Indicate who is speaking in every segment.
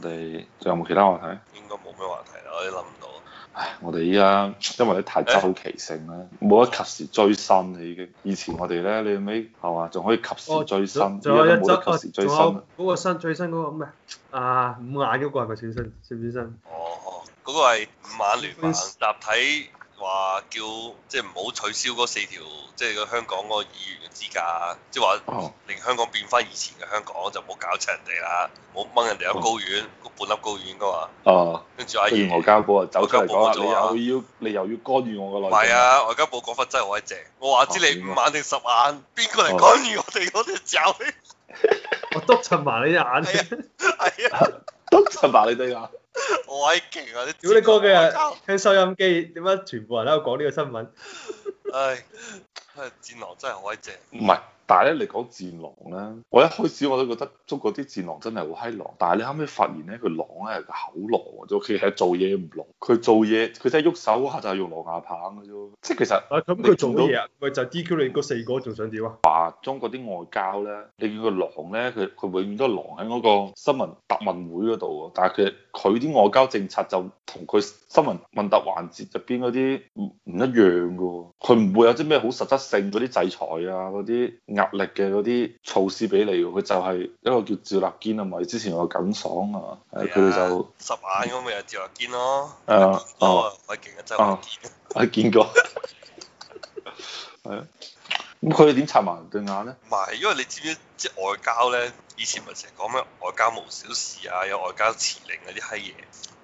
Speaker 1: 我哋仲有冇其他話題？應
Speaker 2: 該冇咩話題啦，我都諗唔到。
Speaker 1: 唉，我哋依家因為啲太周期性啦，冇得、欸、及時追新你已經。以前我哋咧，你尾係嘛，仲可以及時追新，仲、哦、有一周，
Speaker 2: 及時追新。仲嗰、哦那個新最新嗰、那個咩啊？五眼嗰、那個係咪最新？係唔係新？哦哦，嗰、那個係五眼聯盟立體。話叫即係唔好取消嗰四條，即係個香港嗰個議員嘅資格，即係話令香港變翻以前嘅香港，就唔好搞親人哋啦，唔好掹人哋有高院半粒高院噶嘛。
Speaker 1: 哦。跟住阿袁外交部走出嚟講啊，你要你又要干預我個內？唔係啊，
Speaker 2: 外交部講法真係好閪正，我話知你五眼定十眼，邊個嚟干預我哋嗰隻爪？
Speaker 1: 我督陳埋你隻眼。係啊。
Speaker 2: 督陳埋你對眼。好鬼勁啊！屌 你哥嘅，聽收音機點解
Speaker 1: 全部人喺度講呢個新聞？
Speaker 2: 唉、 哎，戰狼真係好鬼正。唔
Speaker 1: 係。但係咧，你講戰狼咧，我一開始我都覺得中國啲戰狼真係好閪狼。但係你後尾發現咧，佢狼咧口狼，就其實做嘢唔狼。佢做嘢，佢真係喐手下就係用狼牙棒嘅啫。即係其實咁佢做乜嘢啊？咪就，就 DQ 你嗰四個，仲想點啊？話中國啲外交咧，你叫佢狼咧，佢佢永遠都係狼喺嗰個新聞答問會嗰度。但係其實佢啲外交政策就同佢新聞問答環節入邊嗰啲唔唔一樣嘅。佢唔會有啲咩好實質性嗰啲制裁啊，啲。壓力嘅嗰啲措施俾你，佢就係一個叫趙立堅啊嘛，之前話咁爽啊，佢就十眼咁咪有趙立堅咯，係啊，好勁啊，趙立堅，我見過，係啊，咁佢點擦埋對眼咧？
Speaker 2: 唔係，因為你知唔知即外交咧？以前咪成日講咩外交無小事啊，外啊有外交辭令嗰啲閪嘢，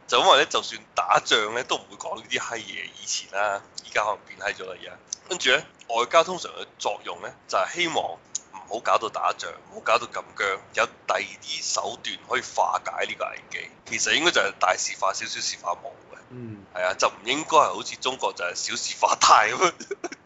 Speaker 2: 就因為咧就算打仗咧都唔會講呢啲閪嘢，以前啦、啊，而家可能變閪咗啦而家。跟住咧，外交通常嘅作用咧，就係、是、希望唔好搞到打仗，唔好搞到咁僵，有第二啲手段可以化解呢個危機。其實應該就係大事化小，小事化冇嘅。嗯，係啊，就唔應該係好似中國就係小事化大咁樣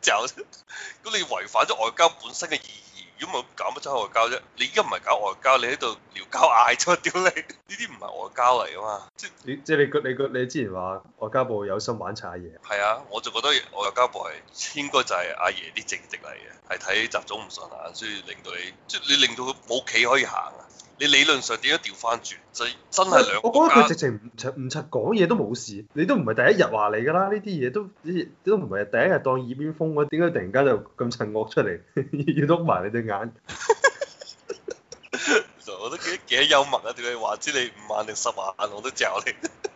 Speaker 2: 就咁， 你違反咗外交本身嘅意義。如果冇搞乜出外交啫，你而家唔係搞外交，你喺度撩交嗌出屌你，呢啲唔係外交嚟啊嘛！即係即係你你你，你之前話外交部有心玩查阿爺，係啊，我就覺得外交部係應該就係阿爺啲政敵嚟嘅，係睇習總唔順眼，所以令到你即係你令到佢冇棋可以行啊！你理論上點樣調翻轉？就真係兩個我覺得佢直情唔柒唔柒講嘢都冇事。你都唔係第一日話你㗎啦，呢啲嘢都都唔係第一日當耳邊風。我點解突然間就咁襯惡出嚟？ 要篤埋你隻眼。其實 我都幾幾幽默啊！你話知你五萬定十萬，我都嚼你。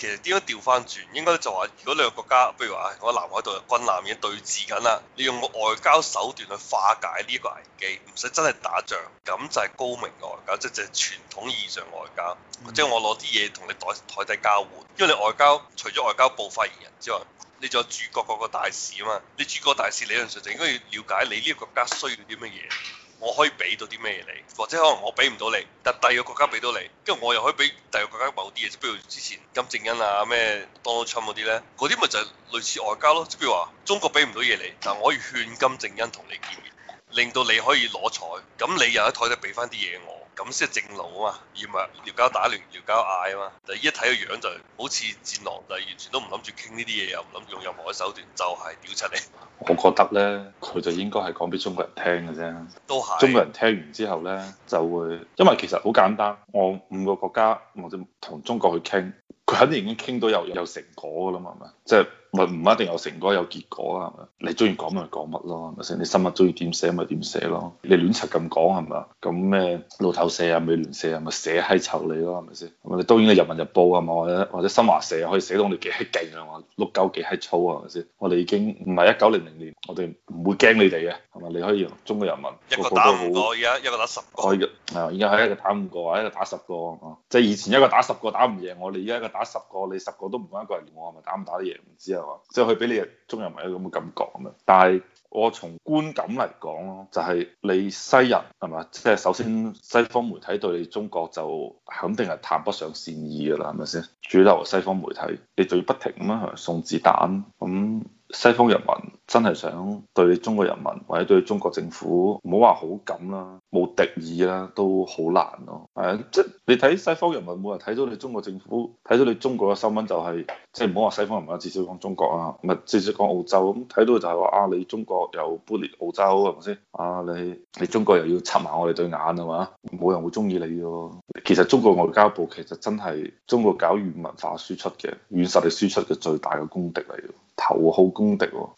Speaker 2: 其實點樣調翻轉？應該就話，如果你個國家，譬如話，我南海度軍艦已經對峙緊啦，你用個外交手段去化解呢個危機，唔使真係打仗，咁就係高明外交，即係傳統意義上外交。即係我攞啲嘢同你代台底交換，因為你外交除咗外交部發言人之外，你仲有主國嗰個大使啊嘛。你主國大使理論上就應該要了解你呢個國家需要啲乜嘢。我可以俾到啲咩嘢你，或者可能我俾唔到你，但第二個國家俾到你，跟住我又可以俾第二個國家某啲嘢，即譬如之前金正恩啊咩 Donald Trump 嗰啲咧，嗰啲咪就係類似外交咯，即譬如話中國俾唔到嘢你，但我可以勸金正恩同你見面，令到你可以攞彩，咁你又喺台底就俾翻啲嘢我。咁先係正路啊嘛，而唔係條交打亂條交嗌啊嘛。但係一睇個樣就，好似戰狼，就係完全都唔諗住傾呢啲
Speaker 1: 嘢，又唔諗用任何嘅手段，就係、是、屌出嚟。我覺得咧，佢就應該係講俾中國人聽嘅啫。都係是。中國人聽完之後咧，就會因為其實好簡單，我五個國家我就同中國去傾，佢肯定已經傾到有有成果噶啦嘛，係咪？即、就、係、是。唔一定有成果有結果啊，係咪？你中意講咪講乜咯，係咪先？你新聞中意點寫咪點寫咯，你亂七咁講係咪？咁咩路透社啊，美聯社啊，咪寫閪臭你咯，係咪先？我哋當然你人民日報啊，或者或者新華社可以寫到我哋幾閪勁啊，我碌鳩幾閪粗啊，係咪先？我哋已經唔係一九零零年，我哋唔會驚你哋嘅，係咪？你可以用中國人民一個打五個，而家一個打十個，而家係一個打五個，一個打十個，即係以前一個打十個打唔贏我哋，而家一個打十個，你十個都唔講一個人我，係咪打唔打得贏唔知啊？就即係佢俾你中人咪有咁嘅感覺咁樣。但係我從觀感嚟講咯，就係、是、你西人係咪？即係首先西方媒體對你中國就肯定係談不上善意㗎啦，係咪先？主流西方媒體，你仲要不停咁樣送子彈咁。嗯西方人民真係想對中國人民或者對中國政府，唔好話好感啦，冇敵意啦，都好難咯。係啊，即係你睇西方人民冇人睇到你中國政府，睇到你中國嘅新聞就係、係、即係唔好話西方人民至少講中國啊，唔係至少講澳洲咁睇到就係話啊，你中國又搬嚟澳洲係咪先？啊，你你中國又要插埋我哋對眼啊嘛，冇人會中意你嘅。其實中國外交部其實真係中國搞軟文化輸出嘅、軟實力輸出嘅最大嘅功敵嚟嘅。頭號公敵喎，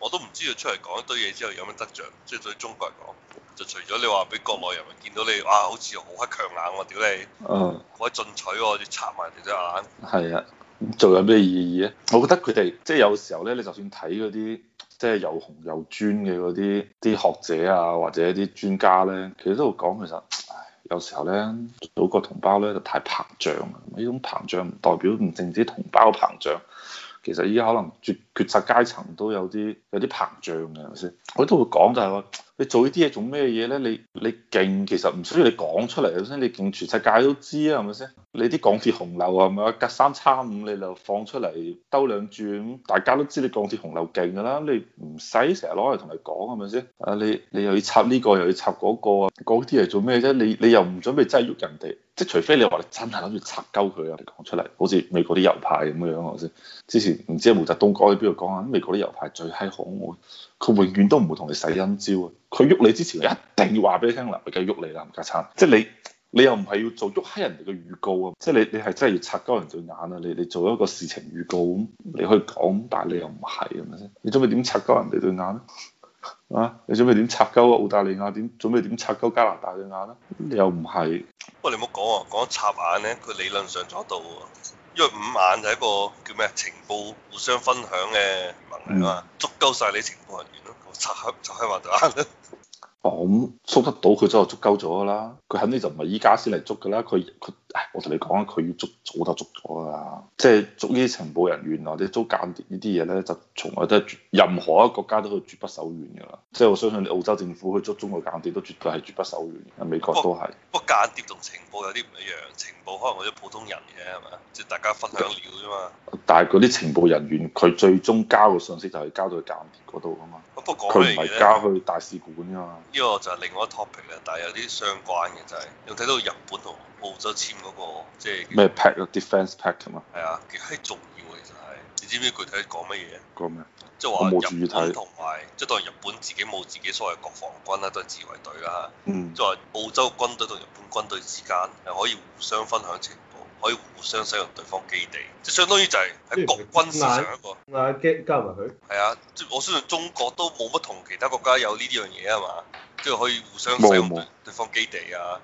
Speaker 1: 我都唔知佢出嚟講
Speaker 2: 一堆嘢之後有咩得着。即、就、係、是、對中國嚟講，就除咗你話俾國外人民見到你，哇，好似好黑強硬喎、啊，屌、呃、你，嗯，
Speaker 1: 好閪進取喎、啊，要插埋人哋隻眼，係啊，做有咩意義啊？我覺得佢哋即係有時候咧，你就算睇嗰啲即係又紅又專嘅嗰啲啲學者啊，或者啲專家咧，其實都會講其實，唉，有時候咧，我覺同胞咧就太膨脹，呢種膨脹唔代表唔淨止，止同胞膨脹。其實依家可能決決策階層都有啲有啲膨脹嘅，係咪先？我都會講就係話。你做呢啲嘢做咩嘢咧？你你勁其實唔需要你講出嚟，先你勁全世界都知啊，係咪先？你啲鋼鐵洪流啊，咪隔三差五你就放出嚟兜兩轉，大家都知你鋼鐵洪流勁噶啦，你唔使成日攞嚟同人講，係咪先？啊，你你又要插呢、這個又要插嗰、那個啊，嗰啲係做咩啫？你你，你又唔準備擠喐人哋，即係除非你話你真係諗住插鳩佢啊，你講出嚟，好似美國啲右派咁樣，我先之前唔知毛澤東講喺邊度講啊，美國啲右派最閪可愛。佢永遠都唔會同你使陰招啊！佢喐你之前，一定要話俾你聽啦，唔計喐你啦，唔家鏹，即係你，你又唔係要做喐黑人哋嘅預告啊！即係你，你係真係要拆鳩人對眼啊！你你做一個事情預告咁，你可以講，但係你又唔係，係咪先？你準備點拆鳩人哋對眼啊！你準備點拆鳩澳大利亞？點準備點拆鳩加拿大對眼？你又唔係？喂你唔好講啊，講
Speaker 2: 插眼咧，佢理論上做得到。因為五眼就係一個叫咩情報互相分享嘅盟嚟嘛，嗯、捉鳩晒你情報人員咯，個拆黑拆黑混蛋咯。
Speaker 1: 哦，咁、 嗯、捉得到佢就足夠咗噶啦，佢肯定就唔係依家先嚟捉噶啦，佢佢。我同你講佢要捉早就捉咗啦，即係捉呢啲情報人員或者捉間諜呢啲嘢呢，就從來都係任何一個國家都係絕不手軟噶啦。即係我相信你澳洲政府去捉中國間諜都絕對係絕不手軟，美國都係。不過間諜同情
Speaker 2: 報有啲唔一樣，情報可能為咗普通人嘅係咪即係大家分享料啫
Speaker 1: 嘛。但係嗰啲情報人員佢最終交嘅信息就係交到去間諜嗰度啊嘛。不過佢唔係交去大使館啊嘛。呢
Speaker 2: 個就係另外一個 topic 啦，但係有啲相關嘅就係，有睇到日本同澳洲簽嗰、那個
Speaker 1: 即係咩 pact defense pact 嘛？係啊，幾閪重要，其實係，你知唔知具體講乜嘢？講咩？即係話。我冇注意睇。同埋即係當日本自
Speaker 2: 己冇自己所謂國防軍啦、啊，都係自衛隊啦、啊、嚇。嗯。即係話澳洲軍隊同日本軍隊之間係可以互相分享情報，可以互相使用對方基地。即相當於就係喺國軍事上一個。嗱，加埋佢。係啊，即係我相信中國都冇乜同其他國家有呢啲樣嘢啊嘛，即、就、係、是、可以互相使用對方基地啊。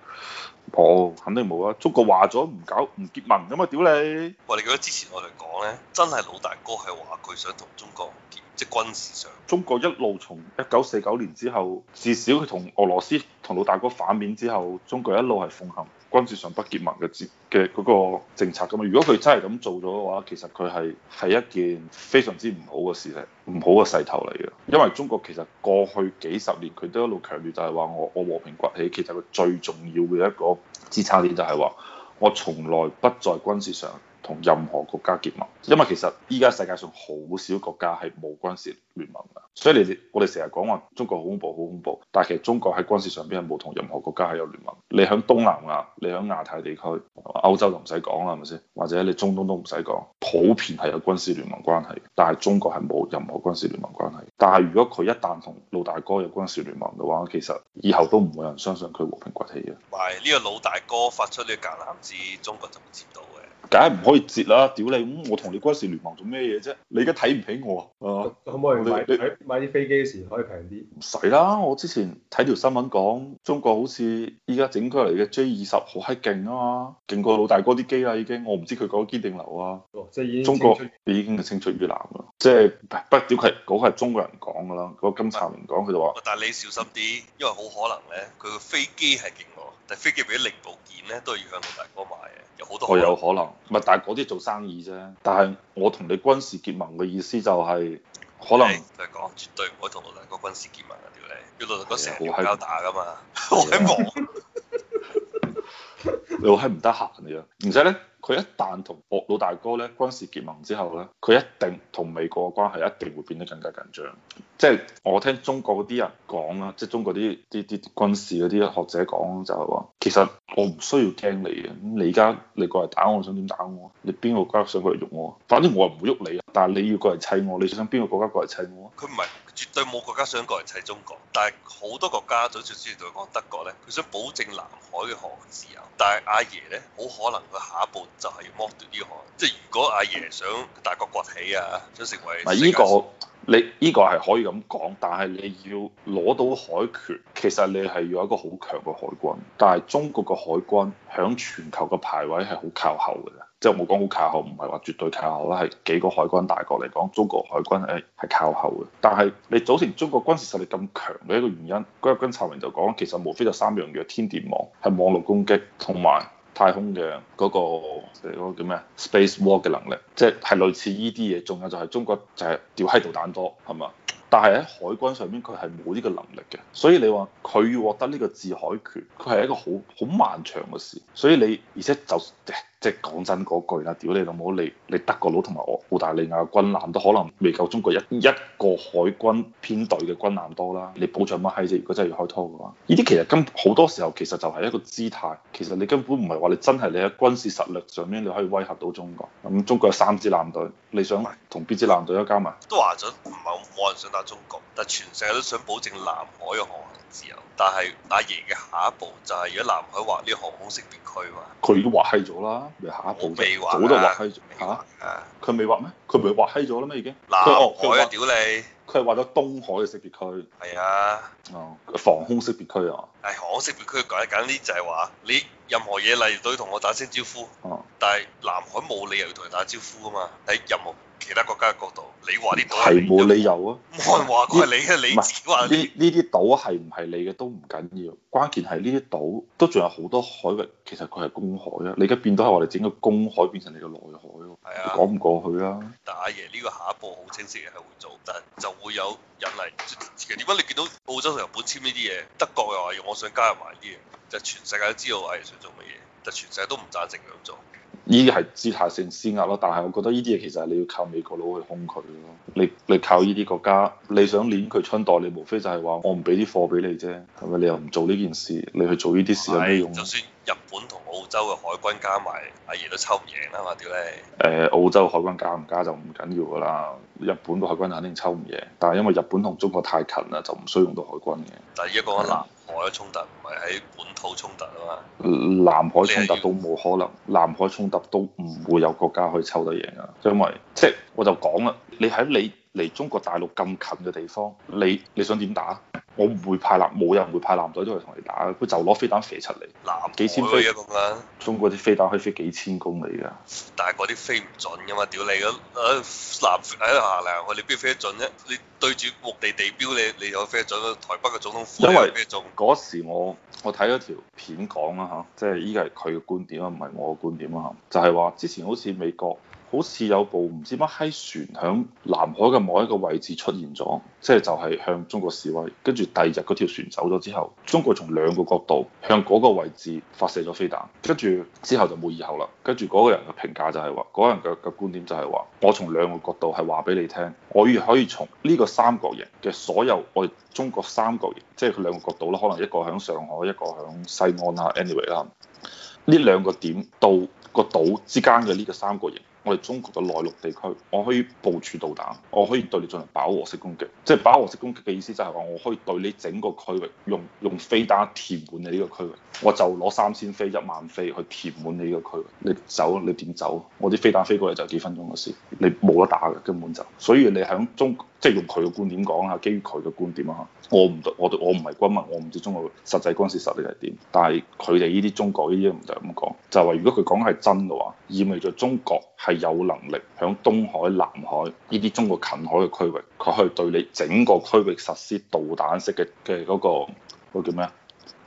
Speaker 1: 哦，oh, 肯定冇啊。中國話咗唔搞唔結盟啊嘛，屌你！
Speaker 2: 哇！你記得之前我哋講呢？真係老大哥係話
Speaker 1: 佢想同中國即、就是、軍事上。中國一路從一九四九年之後，至少佢同俄羅斯同老大哥反面之後，中國一路係奉行。軍事上不結盟嘅節嘅嗰個政策咁啊，如果佢真係咁做咗嘅話，其實佢係係一件非常之唔好嘅事嚟，唔好嘅勢頭嚟嘅，因為中國其實過去幾十年佢都一路強調就係話我我和平崛起。其實佢最重要嘅一個支撐點就係話我從來不在軍事上同任何國家結盟，因為其實依家世界上好少國家係冇軍事聯盟嘅，所以你我哋成日講話中國好恐怖好恐怖，但係其實中國喺軍事上邊係冇同任何國家係有聯盟。你喺東南亞，你喺亞太地區、歐洲就唔使講啦，係咪先？或者你中東都唔使講，普遍係有軍事聯盟關係，但係中國係冇任何軍事聯盟關係。但係如果佢一旦同老大哥有軍事聯盟嘅話，其實以後都唔會有人相信佢和平崛起嘅。唔呢、呢個老大哥發
Speaker 2: 出呢個橄欖枝，
Speaker 1: 中國就會接到嘅。梗係唔可以折啦！屌你咁，我同你嗰時聯盟做咩嘢啫？你而家睇唔起我啊？啊！可唔可以買你,你買啲飛機嘅時可以平啲？唔使啦，我之前睇條新聞講，中國好似依家整出嚟嘅 J 二十好閪勁啊嘛，勁過老大哥啲機啦已經。我唔知佢嗰個堅定流啊，哦、即係已經中國已經係青出於藍啦。即係不屌係嗰個係中國人講噶啦，嗰金燦明講佢就話，但係你小心
Speaker 2: 啲，因為好可能咧，佢個飛機係勁。但飛機嗰啲零部件咧，都要向老大哥買嘅，
Speaker 1: 有好多。有可能，唔係，但係嗰啲做生意啫。但係我同你軍事結盟嘅意思就係、是、可能。就係講絕對唔會同老大哥軍事結盟嘅條例，要老大哥成日喺度打㗎嘛。我喺忙。你喺唔得閒㗎，唔使咧。佢一旦同俄老大哥咧軍事結盟之後咧，佢一定同美國嘅關係一定會變得更加緊張，即係我聽中國啲人講啦，即係中國啲啲啲軍事啲學者講就係話，其實我唔需要聽你嘅，咁你而家你過嚟打我，我想點打我？你邊個國家想過嚟喐我？反正我又唔會喐你。但係你要過嚟砌我，你想邊個國家過嚟砌我？佢唔係，
Speaker 2: 絕對冇國家想過嚟砌中國。但係好多國家，最最知道講德國咧，佢想保證南海嘅航自由。但係阿爺咧，好可能佢下一步就係要剝奪呢個海。即係如果阿爺想大國崛起啊，想
Speaker 1: 成為，係依、這個你呢、這個係可以咁講，但係你要攞到海權，其實你係要一個好強嘅海軍。但係中國嘅海軍響全球嘅排位係好靠後嘅。即係冇講好靠後，唔係話絕對靠後啦，係幾個海軍大國嚟講，中國海軍係係靠後嘅。但係你組成中國軍事實力咁強嘅一個原因，日軍察明就講其實無非就三樣嘢：天電網係網絡攻擊，同埋太空嘅嗰、嗰個叫咩、嗰個？Space War 嘅能力，即係係類似呢啲嘢。仲有就係中國就係吊喺度彈多，係嘛？但係喺海軍上面，佢係冇呢個能力嘅，所以你話佢要獲得呢個制海權，佢係一個好好漫長嘅事。所以你而且就。即係講真嗰句啦，屌你老母！你你德國佬同埋澳大利亞軍艦都可能未夠中國一一個海軍編隊嘅軍艦多啦，你保障乜閪啫？如果真係要開拖嘅話，呢啲其實根好多時候其實就係一個姿態，其實你根本唔係話你真係你喺軍事實力上面你可以威嚇到中國。咁中國有三支艦隊，你想同邊支艦隊一交埋？
Speaker 2: 都話咗唔係冇人想打中國，但全世界都想保證南海嘅航行自由。但係阿爺嘅下一步就係如果南海劃啲防空識別區嘛？
Speaker 1: 佢都劃閪咗啦。嚟下一步，早都畫閪咗嚇，佢未畫咩？啊？佢唔係畫閪咗啦咩已經？嗱，佢惡我啊屌你！佢劃咗東海嘅識別區，係啊，哦，防空識別區啊，
Speaker 2: 航空識別區，簡簡單啲就係話，你任何嘢嚟都要同我打聲招呼，哦、嗯，但係南海冇理由要同人打招呼噶嘛，喺任何其他國家嘅角度，
Speaker 1: 你話啲島係冇理由啊，冇人話佢係你嘅，這你話呢呢啲島係唔係你嘅都唔緊要，關鍵係呢啲島都仲有好多海域，其實佢係公海啊，你而家變到係我哋整個公海變成你嘅內海。講唔、啊、過去啦、啊，但阿爺呢個下一步
Speaker 2: 好清晰嘅係會做，但係就會有人嚟。其實點解你見到澳洲同日本簽呢啲嘢，德國又話要我想加入埋啲嘢，就是、全世界都知道阿爺想做乜嘢，但全世界都唔贊成咁做。
Speaker 1: 呢啲係姿態性施壓咯，但係我覺得呢啲嘢其實係你要靠美國佬去控佢咯，你你靠呢啲國家，你想捻佢春代你，無非就係話我唔俾啲貨俾你啫，係咪？你又唔做呢件事，你去做呢啲事有咩用？哎？就算日本同澳洲嘅海軍加
Speaker 2: 埋，阿、啊、爺都抽唔贏啦嘛，屌你！
Speaker 1: 誒，澳洲海軍加唔加就唔緊要噶啦，日本嘅海軍肯定抽唔贏，但係因為日本同中國太近啦，就唔需要用到海軍嘅。第一個吧
Speaker 2: 海衝突唔係喺本土衝突啊嘛，
Speaker 1: 南海衝突都冇可能，南海衝突都唔會有國家去抽得贏啊，因為即係、就是、我就講啦，你喺你。嚟中國大陸咁近嘅地方，你你想點打？我唔會派艦，冇人會派艦隊出去同你打，佢就攞飛彈射出嚟，南海，幾千飛咁啊！中國啲飛彈可以飛幾千公里㗎，但係嗰啲
Speaker 2: 飛唔準㗎嘛！屌你嗰，南喺下行嚟，我哋邊飛得準啫？你對住陸地地標，你你有飛得準？台北嘅總統府因為飛咩
Speaker 1: 嗰時，我我睇咗條片講啦嚇，即係依個係佢嘅觀點啊，唔係我嘅觀點啊就係、是、話之前好似美國。好似有部唔知乜閪船響南海嘅某一個位置出現咗，即係就係向中國示威。跟住第二日嗰條船走咗之後，中國從兩個角度向嗰個位置發射咗飛彈，跟住之後就冇以後啦。跟住嗰個人嘅評價就係話，嗰個人嘅嘅觀點就係話，我從兩個角度係話俾你聽，我亦可以從呢個三角形嘅所有我哋中國三角形，即係佢兩個角度啦，可能一個響上海，一個響西安啊 anyway 啦，呢兩個點到個島之間嘅呢個三角形。我哋中國嘅內陸地區，我可以部署導彈，我可以對你進行飽和式攻擊。即係飽和式攻擊嘅意思就係話，我可以對你整個區域用用飛彈填滿你呢個區域，我就攞三千飛、一萬飛去填滿你呢個區域。你走，你點走？我啲飛彈飛過嚟就幾分鐘嘅事，你冇得打嘅，根本就。所以你喺中國即係用佢嘅觀點講下，基於佢嘅觀點啊，我唔我我唔係軍民，我唔知中國實際軍事實力係點，但係佢哋呢啲中國呢啲唔就咁講，就係話如果佢講係真嘅話，意味著中國係有能力響東海、南海呢啲中國近海嘅區域，佢可以對你整個區域實施導彈式嘅嘅嗰個嗰個叫咩啊？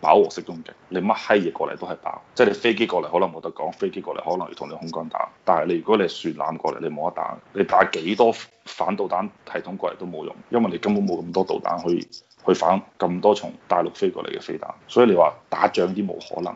Speaker 1: 飽和式攻擊，你乜閪嘢過嚟都係爆。即係你飛機過嚟可能冇得講，飛機過嚟可能要同你空軍打，但係你如果你係船艦過嚟，你冇得打，你打幾多反導彈系統過嚟都冇用，因為你根本冇咁多導彈去去反咁多從大陸飛過嚟嘅飛彈，所以你話打仗啲冇可能。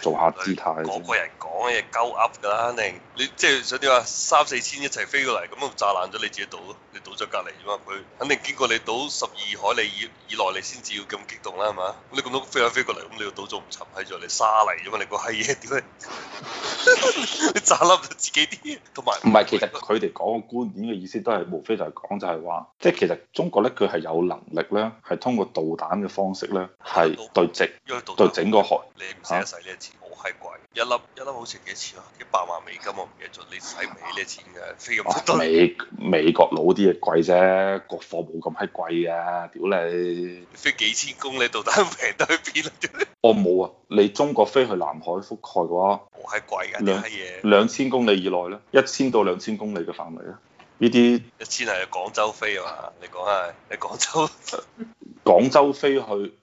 Speaker 1: 做下姿態，個個人講
Speaker 2: 嘢鳩噏噶啦，肯定你即係想點話三四千一齊飛過嚟，咁啊炸爛咗你自己島咯，你島咗隔離嘛，佢肯定經過你島十二海里以以內你，你先至要咁激動啦，係嘛？你咁多飛下飛過嚟，咁你個島仲唔沉喺咗你沙嚟。啫嘛，你個閪嘢點
Speaker 1: 啊？你、哎、 你炸笠咗自己啲，同埋唔係其實佢哋講嘅觀點嘅意思都係無非就係講就係話，即、就、係、是就是、其實中國咧佢係有能力咧，係通過導彈嘅方式咧，係對整對整個海嚇。你係貴，一粒一粒好似幾錢啊！一
Speaker 2: 百萬美金我唔記得咗，你使唔、啊、美呢啲錢嘅飛咁貴美
Speaker 1: 美國老啲嘅貴啫，國貨冇咁閪貴啊，屌你！飛幾千公里到底平到去邊啊？我冇、哦、啊，你中國飛去南海覆蓋嘅話，我閪、哦、貴㗎啲嘢。兩,兩千公里以內咧，一千到兩千公里嘅範圍啊。呢啲一千係廣州飛啊嘛，你講啊，你廣州 廣州飛去。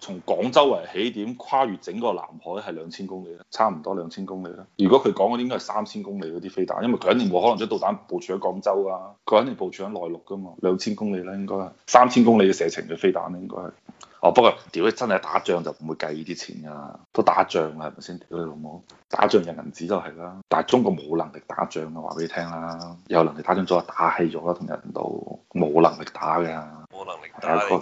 Speaker 1: 從廣州為起點跨越整個南海係兩千公里咧，差唔多兩千公里咧。如果佢講嗰啲應該係三千公里嗰啲飛彈，因為佢肯定冇可能將導彈部署喺廣州啊，佢肯定部署喺內陸噶嘛。兩千公里咧應該係三千公里嘅射程嘅飛彈咧應該係。哦，不過屌真係打仗就唔會計呢啲錢㗎，都打仗啦係咪先？屌你老母！打仗用銀紙就係啦，但係中國冇能力打仗㗎，話俾你聽啦，有能力打仗早就打起咗啦，同人度冇能力打㗎，冇能力打。的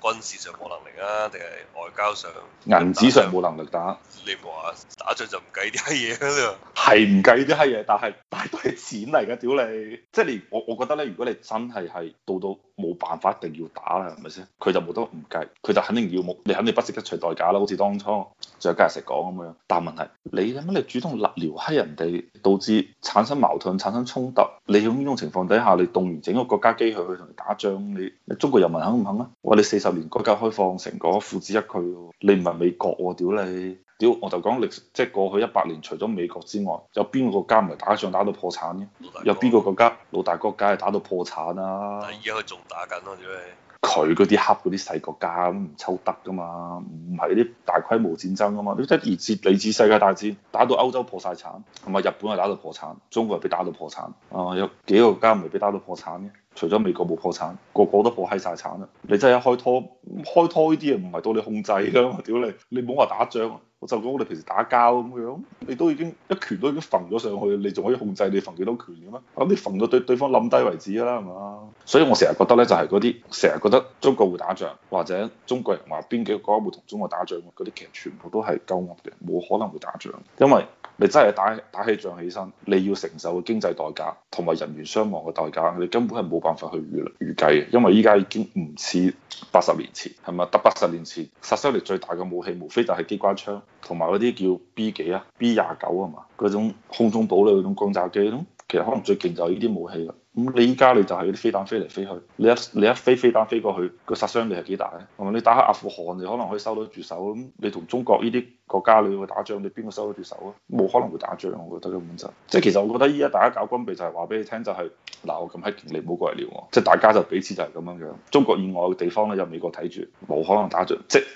Speaker 1: 軍事上
Speaker 2: 冇能力啊，定
Speaker 1: 係外交上銀紙上冇能力打。你唔話打仗就唔計啲閪嘢㗎啦。係唔計啲閪嘢，但係大堆錢嚟噶，屌你！即係你，我我覺得咧，如果你真係係到到冇辦法，一定要打啦，係咪先？佢就冇得唔計，佢就肯定要冇，你肯定不惜一切代價啦。好似當初蔣介石講咁樣。但問題你諗你主動立聊黑人哋，導致產生矛盾，產生衝突。你喺呢種情況底下，你動完整個國家機器去同佢打仗你，你中國人民肯唔肯啊？我話你四十年改革開放成果付之一炬喎，你唔係美國喎，屌你！屌，我就講歷史，即係過去一百年，除咗美國之外，有邊個國家唔係打仗打到破產嘅？有邊個國家老大國家係打到破產啊？而家佢仲打緊咯、啊，除非佢嗰啲黑嗰啲細國家都唔抽得噶嘛，唔係啲大規模戰爭噶嘛，你一二戰你知世界大戰打到歐洲破晒產，同埋日本係打到破產，中國係俾打到破產，啊，有幾個國家唔係俾打到破產嘅？除咗美國冇破產，個個都破閪晒產啦！你真係一開拖，開拖呢啲嘢唔係到你控制㗎嘛？屌你，你唔好話打仗，我就講我哋平時打交咁樣，你都已經一拳都已經揈咗上去，你仲可以控制你揈幾多拳嘅咩？咁你揈到對對方冧低為止啦，係嘛？所以我成日覺得咧，就係嗰啲成日覺得中國會打仗，或者中國人話邊幾個國家會同中國打仗嗰啲，其實全部都係鳩噏嘅，冇可能會打仗，因為，你真係打起打起仗起身，你要承受嘅經濟代價同埋人員傷亡嘅代價，你根本係冇辦法去預預計的，因為依家已經唔似八十年前，係咪？得八十年前殺傷力最大嘅武器，無非就係機關槍同埋嗰啲叫 B 幾啊、B 廿九啊嘛，嗰種空中堡壘，嗰種轟炸機咯。其實可能最勁就係依啲武器啦。咁你依家你就係啲飛彈飛嚟飛去，你一你一飛飛彈飛過去，個殺傷力係幾大咧？係咪你打下阿富汗，你可能可以收到住手。咁？你同中國呢啲國家你會打仗，你邊個收到住手？啊？冇可能會打仗，我覺得根本就即係其實我覺得依家大家搞軍備就係話俾你聽、就是，就係嗱我咁閪勁，你唔好過嚟撩我，即係大家就彼此就係咁樣樣。中國以外嘅地方咧，有美國睇住，冇可能打仗。即、就是、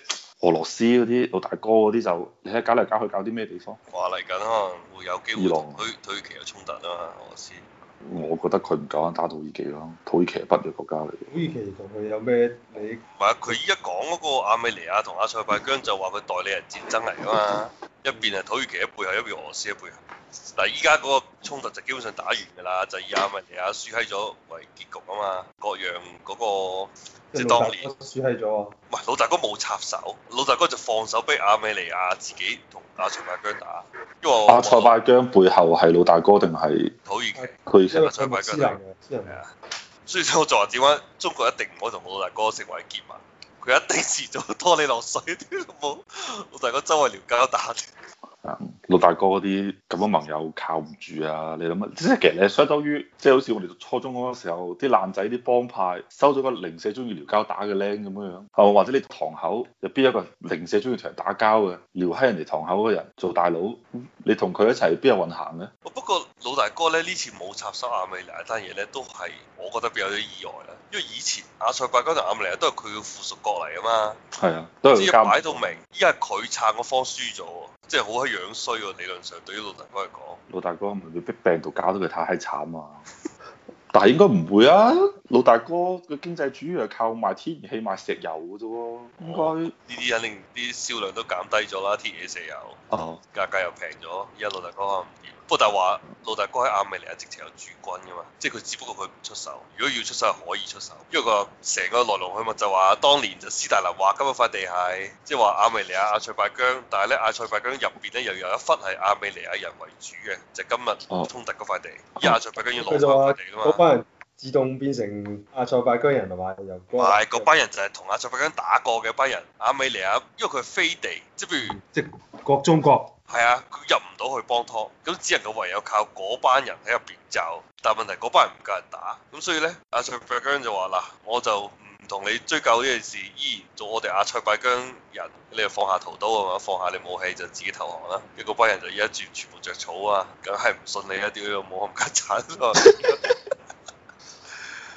Speaker 1: 俄羅斯嗰啲老大哥嗰啲就，你喺搞嚟搞去搞啲咩地方？話嚟緊可能會有機會推推其有衝突啊，俄羅斯。我覺得佢唔夠膽打土耳其咯，土耳其係北約國家嚟嘅。土耳其同佢有咩
Speaker 2: 利益？你唔係佢依家講嗰個亞美尼亞同阿塞拜疆就話佢代理人戰爭嚟㗎嘛，一邊係土耳其喺背後，一邊俄羅斯喺背後。嗱，依家嗰個衝突就基本上打完㗎啦，就以亞美尼亞輸喺咗為結局啊嘛，各樣嗰、那個即係、就是、當年輸喺咗。唔係老大哥冇插手，老大哥就放手俾亞美尼亞自己同阿、啊、塞拜疆打，因為阿、啊、塞拜
Speaker 1: 疆背後係老大哥定係土耳其？佢成個
Speaker 2: 塞拜疆。之前之前係啊，所以我仲話點解中國一定唔好同老大哥成為結盟，佢一定遲早拖你落水添， 老大哥周圍撩交打。
Speaker 1: 啊、嗯，老大哥嗰啲咁嘅盟友靠唔住啊！你諗下，即係其實你相當於即係好似我哋讀初中嗰個時候，啲爛仔啲幫派收咗個零舍中意撩交打嘅僆咁樣樣，係、哦、或者你堂口入邊一個零舍中意同人打交嘅，撩閪人哋堂口嗰個人做大佬，你同佢一齊邊有運行咧？
Speaker 2: 不過老大哥咧呢次冇插手阿美尼亞一單嘢咧，都係我覺得比較有啲意外啦。因為以前阿賽季嗰陣阿美尼亞都係佢嘅附屬國嚟啊嘛，係
Speaker 1: 啊，都係交。擺到
Speaker 2: 明，依家佢撐嗰方輸咗。即係好閪樣衰喎！理論上對於老大哥嚟
Speaker 1: 講，老大哥唔會俾病毒搞到佢太閪慘啊！ 但係應該唔會啊！老大哥嘅經濟主要係靠賣天然氣、賣石油嘅啫喎，應該
Speaker 2: 呢啲、哦、肯定啲銷量都減低咗啦，天然氣、石油，價、哦、格，格又平咗，依家老大哥不過就話老大哥喺阿美尼亞直情有駐軍噶嘛，即係佢只不過佢唔出手，如果要出手可以出手，因為個成個來龍去脈就話當年就斯大林話今日塊地係，即係話阿美尼亞阿塞拜疆，但係咧阿塞拜疆入邊咧又有一忽係阿美尼亞人為主嘅，就係、今日衝突嗰塊地。阿、嗯、塞拜疆要攞咗塊地噶嘛，嗰班人自動變成阿塞拜疆人同埋阿人？唔係，嗰班人就係同阿塞拜疆打過嘅班人，阿美尼亞，因為佢係飛地，即係譬如、嗯、
Speaker 1: 即係國中國。
Speaker 2: 係啊，佢入唔到去幫拖，咁只能夠唯有靠嗰班人喺入邊走。但問題嗰班人唔夠人打，咁所以呢，阿塞拜疆就話嗱，我就唔同你追究呢件事，依然做我哋阿塞拜疆人，你放下屠刀啊嘛，放下你武器就自己投降啦，一個班人就依家全著全部着草啊，梗係唔信你武啊，屌你個冇冚家產。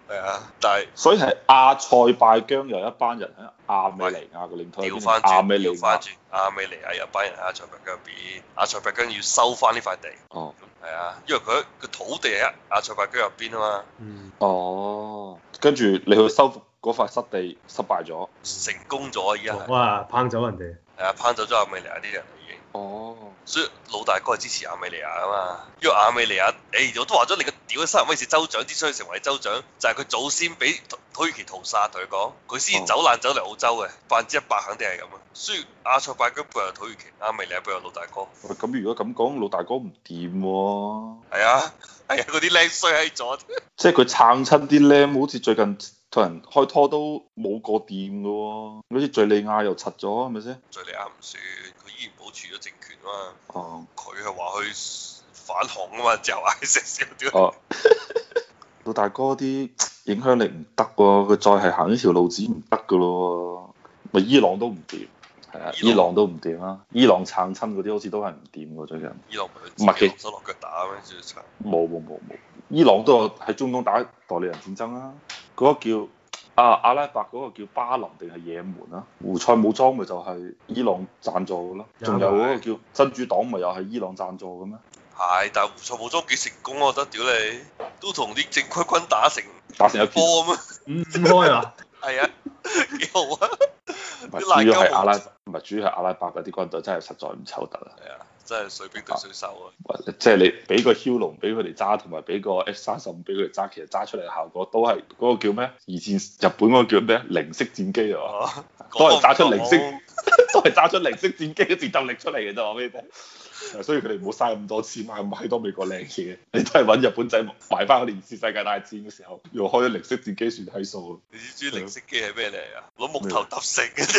Speaker 2: 係啊，但係所以係
Speaker 1: 阿塞拜疆有一班人喺阿美尼亞嘅領土調返轉，阿美尼亞調返
Speaker 2: 轉，阿美尼亞有班人喺阿塞拜疆入邊，阿塞拜疆要收翻呢塊地。哦，
Speaker 1: 係
Speaker 2: 啊，因為佢個土地係阿塞拜疆入邊啊嘛。嗯。
Speaker 1: 哦，跟住你去收嗰塊失地失敗咗，嗯、
Speaker 2: 成功咗依家。哇，攀走人哋。係啊，攀走咗阿、啊、美尼亞啲人已經。哦，所以老大哥係支持阿美尼亞啊嘛？因為阿美尼亞，誒，欸、我都話咗你嘅、這個。屌，三毫米是州長，之所以成為州長，就係佢祖先俾土耳其屠殺，同佢講，佢先走難走嚟澳洲嘅，百分之一百肯定係咁啊！雖然亞塞拜疆背後土耳其，亞美尼亞背後老大哥。
Speaker 1: 咁如果咁講，老大哥唔掂喎。係啊，係啊，嗰啲靚衰喺咗。即係佢撐親啲 l，好似最近同人開拖都冇個掂㗎喎，好似敍利亞又柒咗，係咪先？敍利亞唔算，佢依然
Speaker 2: 保持咗政權啊嘛。
Speaker 1: 哦、嗯。佢係話佢。
Speaker 2: 反控啊嘛，就嗌食
Speaker 1: 少少。哦，老大哥啲影響力唔得喎，佢再係行呢條路子唔得噶咯，咪伊朗都唔掂，係啊，伊朗都唔掂啊，伊朗撐親嗰啲好似都係唔掂喎最近。伊朗唔係其手攞腳打冇冇冇冇，伊朗都有喺中東打代理人戰爭啊，嗰個叫啊阿拉伯嗰個叫巴林定係也門啊？胡塞武裝咪就係伊朗贊助嘅咯，仲有嗰個叫真主黨咪又係伊朗贊助嘅咩？
Speaker 2: 係，但係曹步忠幾成功啊！得屌你，都同啲正規軍打成
Speaker 1: 打成一波啊！唔該啊，係啊，幾好啊！
Speaker 2: 主要係阿
Speaker 1: 拉，唔係主要係阿拉伯嗰啲軍隊真係實在唔抽得啊！係啊，真係水平同水手啊！即係你俾個 h i l 龍俾佢哋揸，同埋俾個 F 三十五俾佢哋揸，其實揸出嚟嘅效果都係嗰個叫咩？二戰日本嗰個叫咩？零式戰機啊，都係揸出零式，都係揸出零式戰機嘅戰鬥力出嚟嘅啫。所以佢哋唔好嘥咁多錢買咁多美國靚嘢，你都係揾日本仔買翻個二次世界大戰嘅時候，又開咗零式戰機算係數。你
Speaker 2: 知唔知零式機係咩嚟啊？攞木頭揼成嘅。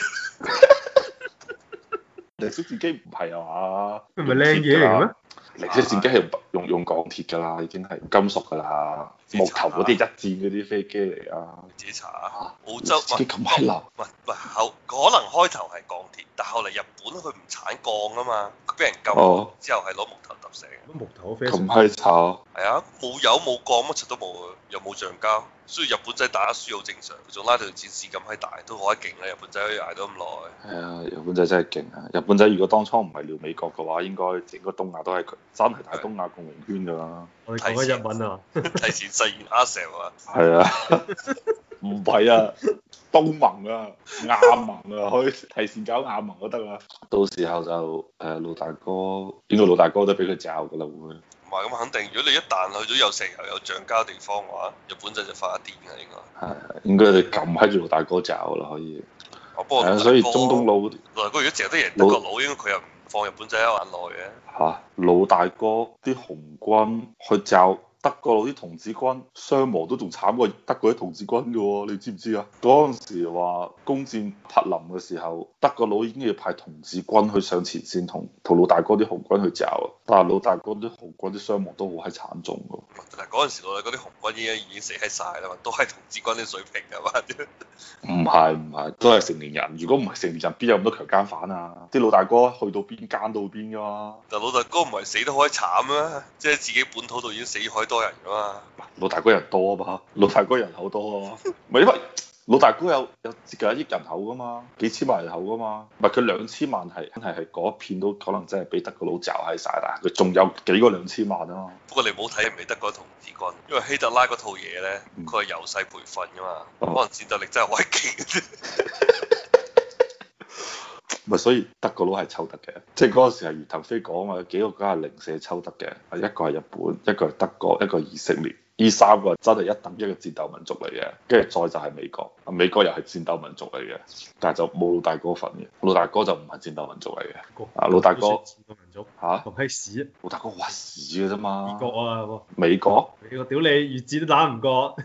Speaker 1: 零式戰機唔係啊嘛，佢咪靚嘢嚟咩？零式戰機係用用鋼鐵㗎啦，已經係金屬㗎啦。木頭嗰啲一戰嗰啲飛機嚟啊，你自己查下。
Speaker 2: 澳洲咁閪難，喂喂後可能開頭係鋼鐵， 但後嚟日本佢唔產鋼啊嘛，佢俾人禁、哦、之後係攞木頭揼死。乜
Speaker 1: 木頭飛機咁閪臭，
Speaker 2: 係啊，冇油冇鋼乜柒都冇，又冇橡膠，所以日本仔打輸好正常，佢仲拉條戰線咁閪大，都好閪勁啊，日本仔可以捱到咁耐。係、
Speaker 1: 哎、啊，日本仔真係勁啊！日本仔如果當初唔係撩美國嘅話，應該整個東亞都係佢，真係大東亞共榮圈㗎啦、啊。睇開日文啊，提前實現阿成啊，係啊，唔係啊，東盟啊，亞盟啊，可以提前搞亞盟都得啦、啊。到時候就誒、呃、老大哥，邊個老大哥都俾佢罩噶啦會。
Speaker 2: 唔唔係咁肯定，如果你一旦去咗有石油、有橡膠地方嘅話，日本仔就發一電㗎應
Speaker 1: 該。係，應該， 應該你撳喺住老大哥罩噶啦可以。哦、啊，不過所以中東佬，老老大哥如果成堆人得個佬，應該佢又。放日本仔喺內嘅吓，老大哥啲紅軍去就。德國佬啲童子軍傷亡都仲慘過德國啲童子軍噶，你知唔知啊？嗰陣時話攻佔柏林嘅時候，德國佬已經要派童子軍去上前線同同老大哥啲紅軍去抓啊，但係老大哥啲紅軍啲傷亡都好閪慘重噶。但係嗰陣時我哋嗰啲紅軍已經已經死曬啦嘛，都係童子軍啲水平噶嘛。唔係唔係，都係成年人。如果唔係成年人，邊有咁多強奸犯啊？啲老大哥去到邊奸到邊噶嘛？
Speaker 2: 但老大哥唔係死得好閪慘咩？即係自己本土度已經死海多人噶
Speaker 1: 嘛，老大哥人多啊嘛，老大哥人口多啊嘛。唔係，因為老大哥有有接近一億人口噶嘛，幾千萬人口噶嘛，唔係，佢兩千萬係，真係係嗰一片都可能真係俾德國佬摷係晒，但佢仲有幾個兩千萬啊嘛，
Speaker 2: 不過你唔好睇係咪德國童子軍，因為希特拉嗰套嘢咧，佢係由細培訓噶嘛，可能戰鬥力真係好勁。
Speaker 1: 唔所以德國佬係抽得嘅，即係嗰陣時係余騰飛講話，幾個家係零舍抽得嘅，一個係日本，一個係德國，一個以色列，呢三個真係一等一嘅戰鬥民族嚟嘅，跟住再就係美國，美國又係戰鬥民族嚟嘅，但係就冇老大哥份嘅，老大哥就唔係戰鬥民族嚟嘅，啊國老大哥，嚇、啊，老閪屎，老大哥屈屎嘅啫嘛，
Speaker 2: 美國啊，
Speaker 1: 美國，美國屌你，越戰都打唔過，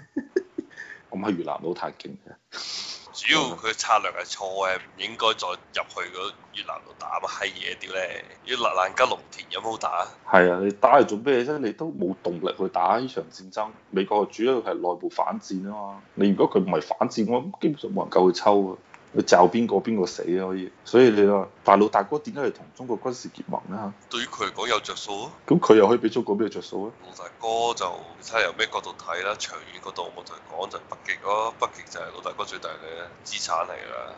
Speaker 1: 咁 係 越南佬太勁。
Speaker 2: 主要佢策略係錯嘅，唔應該再入去越南度打乜閪嘢啲咧，啲越南加農田有冇打。
Speaker 1: 係啊，你打嚟做咩啫？你都冇動力去打呢場戰爭。美國主要係內部反戰啊嘛，你如果佢唔係反戰，我諗，基本上冇人夠佢去抽啊。佢罩邊個邊個死咯，可以，所以你話大佬大哥點解要同中國軍事結盟呢？嚇？對於佢嚟講有着數啊，咁佢又可以俾中國咩着數啊？老
Speaker 2: 大哥就睇下由咩角度睇啦，長遠角度我同佢講就、就係、北極咯，北極就係老大哥最大嘅資產嚟噶。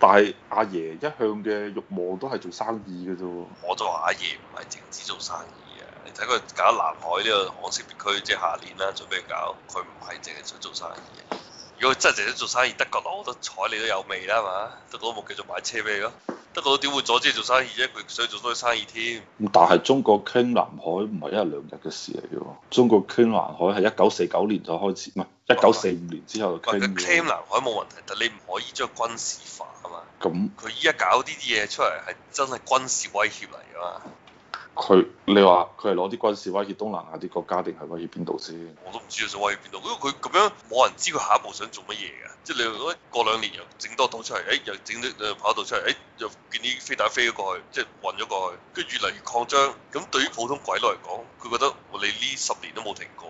Speaker 1: 但係阿爺一向嘅欲望都係做生意嘅啫喎。
Speaker 2: 我都話阿爺唔係淨止做生意嘅，你睇佢搞南海呢個防空識別區，即係下年啦，準備搞？佢唔係淨係想做生意。如果真係想做生意，德國佬我都睬你都有味啦嘛，德國佬冇繼續買車咩咯？德國佬點會阻止你做生意啫？佢想做多啲生意添。
Speaker 1: 但係中國圈南海唔係一日兩日嘅事嚟嘅喎，中國圈南海係一九四九年才開始，唔係一九四五年之後圈
Speaker 2: 是。個圈南海冇問題，但那你唔可以將軍事化啊嘛。咁佢依家搞呢啲嘢出嚟係真係軍事威脅嚟嘅嘛。
Speaker 1: 佢你話佢係攞啲軍事威脅東南亞啲國家定係威脅邊度先？我
Speaker 2: 都唔知佢想威脅邊度，因為佢咁樣冇人知佢下一步想做乜嘢嘅，即係你過兩年又整多島出嚟，誒又整啲跑道出嚟，誒又，又，又見啲飛彈飛咗過去，即係運咗過去，跟住越嚟越擴張。咁對於普通鬼佬嚟講，佢覺得我哋呢十年都冇停過。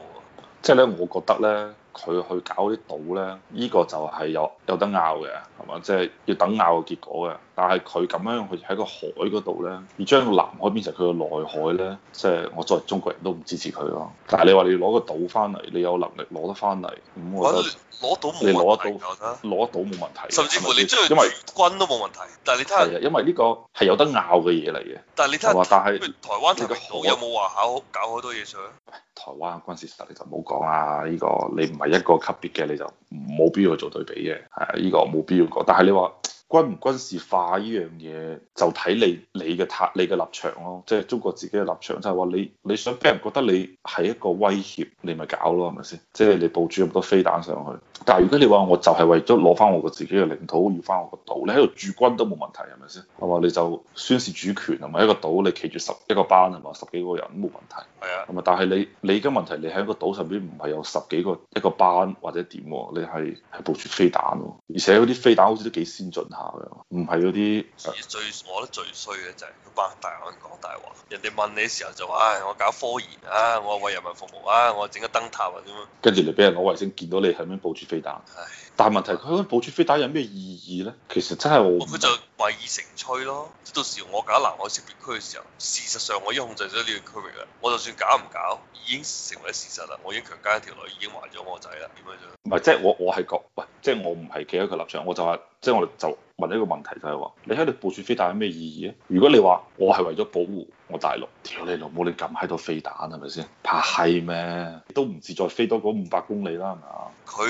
Speaker 1: 即係咧，我覺得咧。佢去搞啲島咧，呢個就係有有得拗嘅，係嘛？即係要等拗嘅結果嘅。但係佢咁樣去喺個海嗰度咧，要將南海變成佢個內海咧，即係我作為中國人都唔支持佢咯。但係你話你要攞個島翻嚟，你有能力攞得翻嚟，咁我覺得
Speaker 2: 攞到冇問題，你攞得到，攞得到冇問題。甚至乎你將嚟駐軍都冇問題。但係
Speaker 1: 你睇下、啊，因為呢個係有得拗嘅嘢嚟嘅。但係話，但係台灣同個島有冇話考搞好多嘢上咧？台灣軍事實力你就唔好講啦，呢個你唔係。一個級別嘅你就。冇必要去做對比嘅，係啊，呢個我冇必要講。但係你話軍唔軍事化呢樣嘢，就睇你你嘅態你嘅立場咯。即係中國自己嘅立場就係話你你想俾人覺得你係一個威脅，你咪搞咯，係咪先？即係你部署咁多飛彈上去。但係如果你話我就係為咗攞翻我個自己嘅領土，要翻我個島，你喺度駐軍都冇問題，係咪先？我話你就宣示主權係咪一個島？你企住十一個班係咪十幾個人冇問題？係啊。係咪？但係你你嘅問題，你喺個島上邊唔係有十幾個一個班或者點？係係，部署飛彈喎，而且嗰啲飛彈好似都幾先進下嘅，唔係嗰啲。最我覺得最衰嘅就係佢講大話，
Speaker 2: 講大話，人哋問你嘅時候就話：唉，我搞科研啊，我為人民服務啊，我整個燈塔啊咁樣。
Speaker 1: 跟住嚟俾人攞衛星見到你係咪部署飛彈。唉但係問題，佢嗰個捕捉飛彈有咩意義咧？其實真係我，佢就為意
Speaker 2: 成趨咯。到時我搞南海識別區嘅時候，事實上我已經控制咗呢個區域啦。我就算搞唔搞，已經成為事實啦。我已經強姦一條女，已經懷咗我仔啦。點樣做？唔係即
Speaker 1: 係我，我係覺，喂，即係我唔係企喺佢立場，我就話、是。即係我哋就問一個問題，就係話你喺度部署飛彈有咩意義啊？如果你話我係為咗保護我大陸，屌你老母你咁喺度飛彈係咪先？怕係咩？都唔知再飛多嗰五百公里啦，係咪？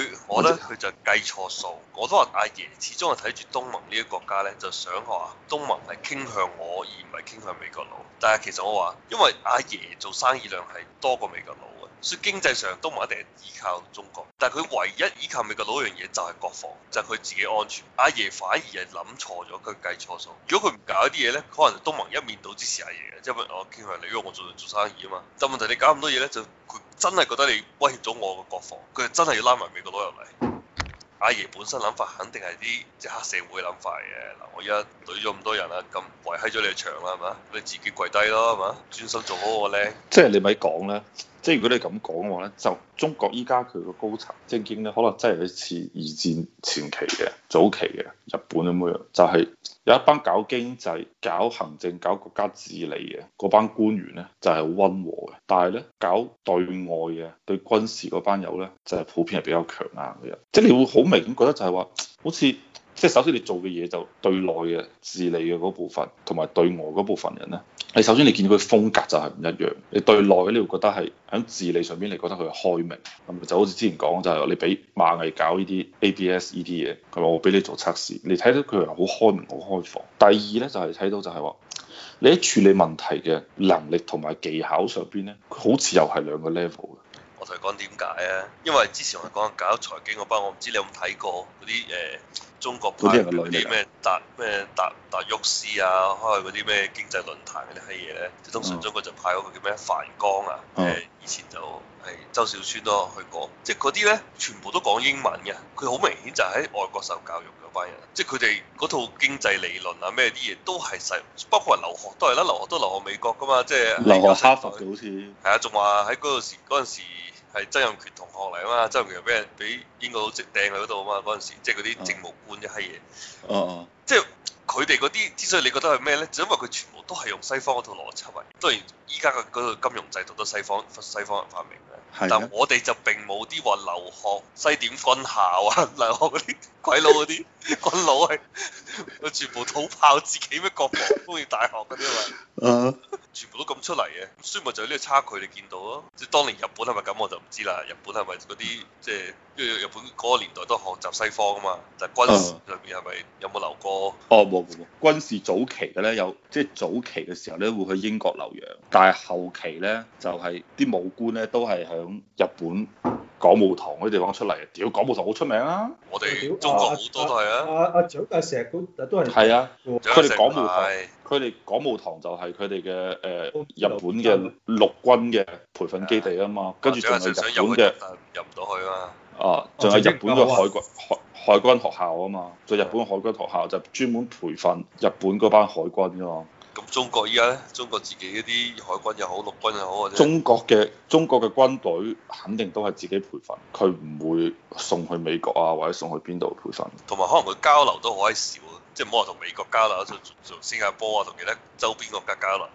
Speaker 1: 佢我覺得
Speaker 2: 佢就計錯數，我都話阿爺始終係睇住東盟呢個國家咧，就想話東盟係傾向我而唔係傾向美國佬。但係其實我話，因為阿爺做生意量係多過美國佬嘅，所以經濟上東盟一定係依靠中國。但係佢唯一依靠美國佬一樣嘢就係國防，就係佢自己安全。阿爺反而係諗錯咗，佢計錯數。如果佢唔搞啲嘢咧，可能東盟一面倒支持阿爺嘅。即係我傾向你，因為我做做生意啊嘛。但問題你搞咁多嘢咧，就佢真係覺得你威脅咗我嘅國防，佢真係要拉埋美國佬入嚟。 阿爺本身諗法肯定係啲即係黑社會嘅諗法嘅。嗱，我而家隊咗咁多人啦，咁圍喺咗你個場啦，係嘛？你自己跪低咯，係嘛？專心做好我、啊、咧。
Speaker 1: 即係你咪講啦。即係如果你咁講嘅話咧，就中國依家佢個高層政經咧，可能真係好似二戰前期嘅早期嘅日本咁樣，就係有一班搞經濟、搞行政、搞國家治理嘅嗰班官員咧，就係好溫和嘅。但係咧，搞對外嘅、對軍事嗰班友咧，就係普遍係比較強硬嘅人。即係你會好明顯覺得就係話，好似。即係首先你做嘅嘢就對內嘅治理嘅嗰部分，同埋對外嗰部分人咧，你首先你見到佢風格就係唔一樣。你對內你會覺得係喺治理上邊，你覺得佢開明，就好似之前講就係你俾螞蟻搞呢啲 ABS 呢啲嘢，佢話我俾你做測試，你睇到佢係好開明、好開放。第二咧就係、是、睇到就係話你喺處理問題嘅能力同埋技巧上邊咧，佢好似又係兩個 level 嘅。
Speaker 2: 我同你講點解啊？因為之前我講搞財經嗰班，我唔知你有冇睇過嗰啲誒。Uh 中國派嗰啲咩達咩達達沃斯啊，開嗰啲咩經濟論壇嗰啲閪嘢咧，即通常中國就派嗰個叫咩樊綱啊，誒、嗯、以前就係周小川咯去講，即係嗰啲咧全部都講英文嘅，佢好明顯就喺外國受教育嘅班人，即係佢哋嗰套經濟理論啊咩啲嘢都係細，包括係留學都係啦，留學都留學美國噶嘛，即係留學哈佛
Speaker 1: 嘅好似，
Speaker 2: 係啊，仲話喺嗰個時嗰陣時。係曾蔭權同學嚟啊嘛，曾蔭權俾人俾英國佬直掟喺嗰度啊嘛，嗰陣時即係嗰啲政務官一閪嘢。哦、啊。啊啊即係佢哋嗰啲之所以你覺得係咩咧？就因為佢全部都係用西方嗰套邏輯嚟。當然，依家嘅嗰個金融制度都西方、西方人發明嘅。是的 但我哋就並冇啲話留學西點軍校啊，留學嗰啲鬼佬嗰啲軍佬係，佢全部都土炮自己咩？國防工業大學嗰啲啊嘛，全部都咁出嚟嘅。所以咪就係呢個差距你見到咯。即係當年日本係咪咁我就唔知啦。日本係咪嗰啲即係？嗯，就是跟住日本嗰個年代都學習西方啊嘛，就是、軍事上邊係咪有冇留過？
Speaker 1: 哦冇冇，冇。軍事早期嘅咧有，即、就、係、是、早期嘅時候咧會去英國留洋，但係後期咧就係、是、啲武官咧都係響日本講武堂嗰啲地方出嚟。屌講武堂好出名啊！我哋中國好多都係啊！阿阿蔣介石都係係啊，佢哋講武堂。啊啊佢哋港務堂就係佢哋嘅誒日本嘅陸軍嘅培訓基地啊嘛，啊跟住仲係日本嘅入唔到去啊嘛，啊，仲有日本嘅海軍海軍、啊啊、海軍學校啊嘛，就、啊、日本海軍學校就專門培訓日本嗰班海軍噶嘛。咁
Speaker 2: 中國依家咧，中國自己嗰啲海軍又好，陸軍又好中，中
Speaker 1: 國嘅中國嘅軍隊肯定都係自己培訓，佢唔會送去美國啊或者送去邊度培訓，
Speaker 2: 同埋可能佢交流都好閪少。即係冇話同美國交流，就新
Speaker 1: 加坡啊，同其他周邊國家交流。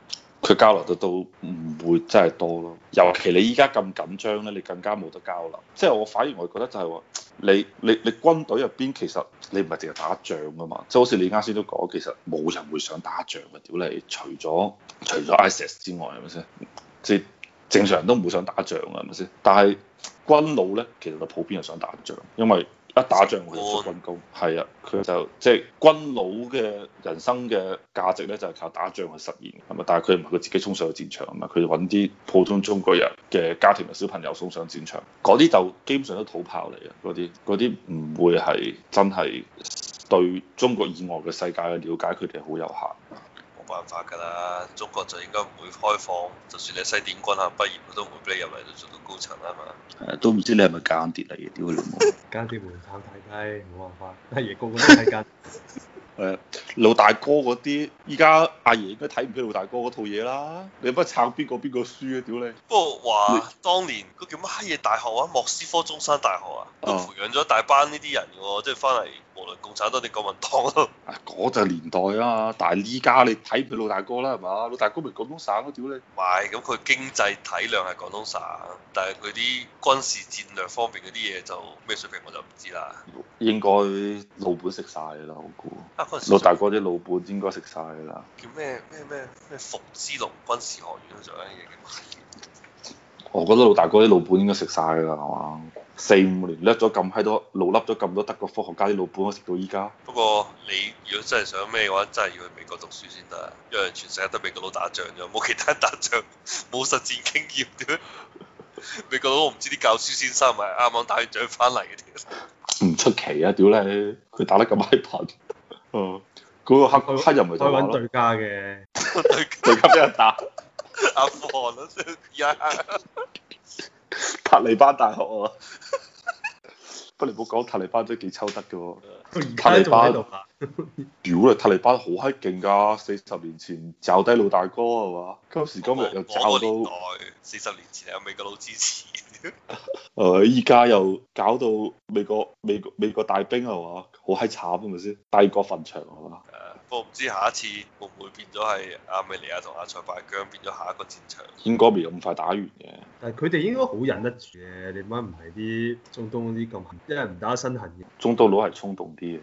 Speaker 1: 佢交流得都唔會真係多咯。尤其你依家咁緊張咧，你更加冇得交流。即係我反而我覺得就係話，你你你軍隊入邊其實你唔係淨係打仗㗎嘛。即係好似你啱先都講，其實冇人會想打仗嘅。屌你，除咗除咗 ISIS 之外，係咪先？即係正常人都唔會想打仗㗎，係咪先？但係軍佬咧，其實就普遍係想打仗，因為，一打仗佢就出軍功，係啊，佢就即係、就是、軍佬嘅人生嘅價值咧，就係、是、靠打仗去實現。咁啊，但係佢唔係佢自己衝上去戰場啊嘛，佢揾啲普通中國人嘅家庭嘅小朋友送上戰場，嗰啲就基本上都土炮嚟嘅。嗰啲啲唔會係真係對中國以外嘅世界嘅了解，佢哋好有限。
Speaker 2: 辦法㗎啦，中國就應該唔會開放，就算你西點軍校畢業，佢都唔會俾你入嚟到做到高層啊嘛。
Speaker 1: 係，都唔知你係咪間諜嚟嘅，屌你、 啊！間諜門產太雞，冇辦法。阿爺個個都睇緊。係老大哥嗰啲，依家阿爺應該睇唔起老大哥嗰套嘢啦。你乜抄邊個邊個書啊？屌你！
Speaker 2: 不過話，當年嗰叫乜閪嘢大學啊？莫斯科中山大學啊，都培養咗一大班呢啲人喎、啊，即係翻嚟。無論共產黨定國民黨都，
Speaker 1: 嗰、啊、就年代啊！但係依家你睇佢老大哥啦，係嘛？老大哥咪廣東省咯、啊，屌你！
Speaker 2: 唔係，咁佢經濟體量係廣東省，但係佢啲軍事戰略方面嗰啲嘢就咩水平我就唔
Speaker 1: 知啦。應該老本食晒㗎啦，我估。啊，嗰時老大哥啲老本應該食晒㗎啦。
Speaker 2: 叫咩咩咩咩？復之龍軍事學院做緊嘢。
Speaker 1: 我覺得老大哥啲老本應該食晒㗎啦，係嘛？四五年甩咗咁閪多，老碌咗咁多德國科學家啲老本，食到依家。不過
Speaker 2: 你如果真係想咩嘅話，真係要去美國讀書先得，因為全世界都美國佬打仗啫，冇其他打仗，冇實戰經驗點樣？美國佬唔知啲教書先生咪啱啱打完仗翻嚟嘅。其實
Speaker 1: 唔出奇啊！屌你，佢打得咁閪笨。 嗯。嗰個黑黑人咪同。 可以揾對家嘅。對家嘅 打。
Speaker 2: 阿富汗啊，先
Speaker 1: 塔利班大學， 不你冇講塔利班真係幾抽得嘅喎。
Speaker 2: 塔利班，
Speaker 1: 屌啊、 呃！塔利班好閪勁噶，四十年前找低老大哥係嘛，今時今日又找到。我年代，
Speaker 2: 四十年前有美國佬支持。
Speaker 1: 誒，依家又搞到美國美國美國大兵係嘛，好閪慘啊，咪先帝國墳場係嘛。
Speaker 2: 我唔知下一次會唔會變咗係阿美利亞同阿塞拜疆變咗下一個戰場，
Speaker 1: 應該唔會咁快打完嘅。
Speaker 2: 但係佢哋應該好忍得住嘅，你唔啱唔係啲中東嗰啲咁，因為唔打得身痕嘅。
Speaker 1: 中東佬係衝動啲嘅。